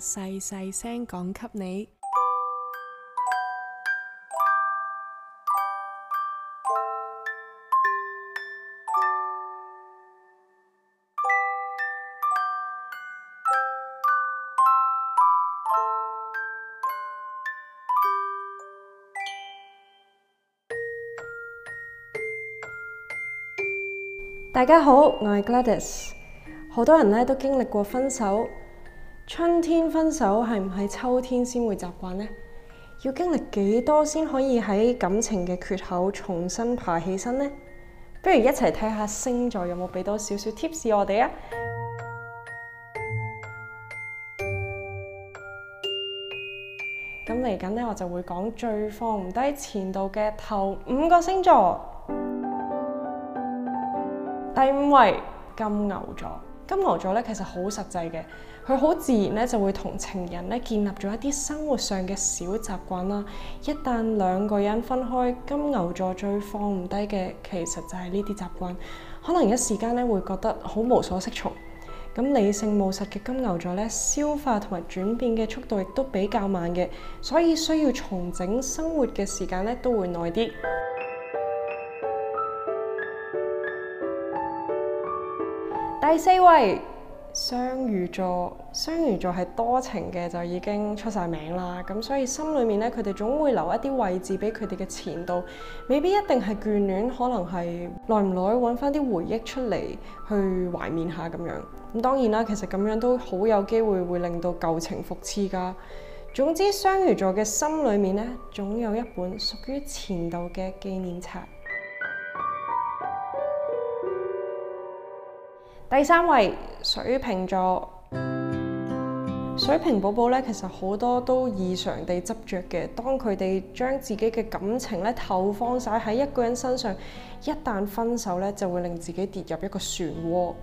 細細聲講給你。大家好，我係 Gladys。好多人呢都經歷過分手。春天分手係唔係秋天先會習慣呢？要經歷幾多先可以喺感情嘅缺口重新爬起身呢？不如一齊睇下星座有冇俾多少少 tips 我哋啊！咁嚟緊呢，我就會講最放唔低前度嘅頭五個星座，第五位金牛座。金牛座咧，其實好實際嘅，佢好自然咧就會同情人咧建立咗一啲生活上嘅小習慣啦。一旦兩個人分開，金牛座最放唔低嘅其實就係呢啲習慣，可能一時間咧會覺得好無所適從。咁理性務實嘅金牛座咧，消化同埋轉變嘅速度亦都比較慢嘅，所以需要重整生活嘅時間咧都會耐啲。第四位，雙魚座。雙魚座係多情嘅，就已經出晒名啦。咁所以心裏面咧，佢哋總會留一啲位置俾佢哋嘅前度，未必一定係眷戀，可能係耐唔耐搵翻啲回憶出嚟去懷念下咁樣。咁當然啦，其實咁樣都好有機會會令到舊情復熾噶。總之，雙魚座嘅心裏面咧，總有一本屬於前度嘅紀念冊。第三位，水瓶座，水瓶寶寶咧，其實好多都異常地執着嘅。當佢哋將自己嘅感情咧投放晒喺一個人身上，一旦分手咧，就會令自己跌入一個漩渦。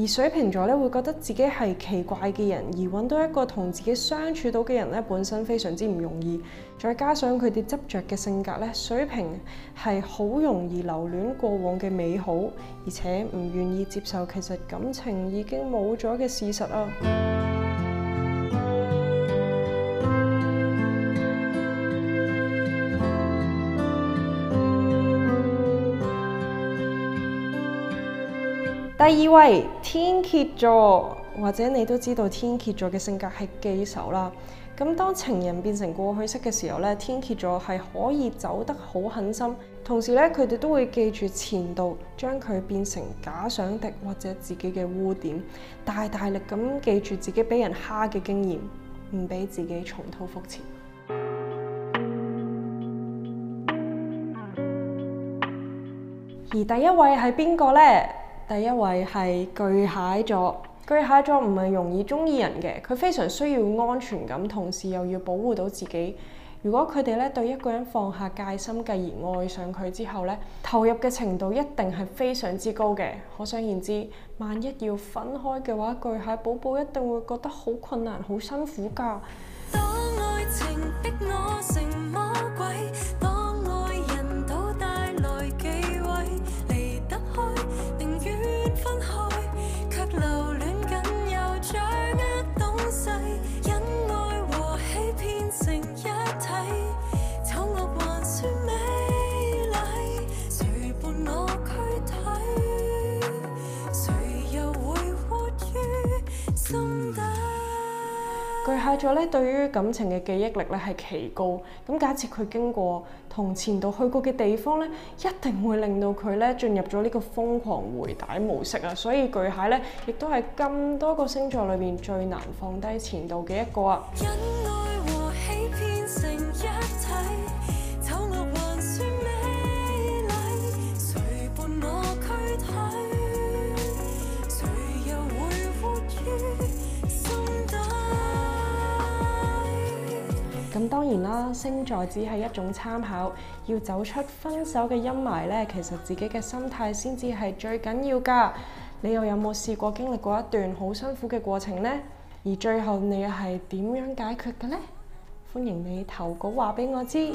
而水瓶座咧，會覺得自己係奇怪嘅人。而揾到一個同自己相處到嘅人咧，本身非常之唔容易，再加上佢哋執着嘅性格咧，水瓶係好容易留戀過往嘅美好，而且唔願意接受其實感情已經冇咗嘅事實啊。第二位天蠍座，或者你都知道天蝎座嘅性格係記仇啦。咁當情人變成過去式嘅時候咧，天蝎座係可以走得好狠心，同時咧佢哋都會記住前度，將佢變成假想敵或者自己嘅污點，大大力咁記住自己俾人蝦嘅經驗，唔俾自己重蹈覆轍。而第一位係邊個咧？第一位係巨蟹座，巨蟹座唔係容易中意人嘅，佢非常需要安全感，同時又要保護到自己。如果佢哋咧對一個人放下戒心，繼而愛上佢之後咧，投入嘅程度一定係非常之高嘅。可想而知，萬一要分開嘅話，巨蟹寶寶一定會覺得好困難、好辛苦㗎。當愛情逼我咗咧，對於感情嘅記憶力咧係奇高。咁假設佢經過同前度去過嘅地方咧，一定會令到佢咧進入咗呢個瘋狂回帶模式啊！所以巨蟹咧，亦都係咁多個星座裏面最難放低前度嘅一個啊。當然啦，星座只係一種參考。要走出分手嘅陰霾咧，其實自己嘅心態先至係最緊要噶。你又有冇試過經歷過一段好辛苦嘅過程呢？而最後你係點樣解決嘅呢？歡迎你投稿話俾我知。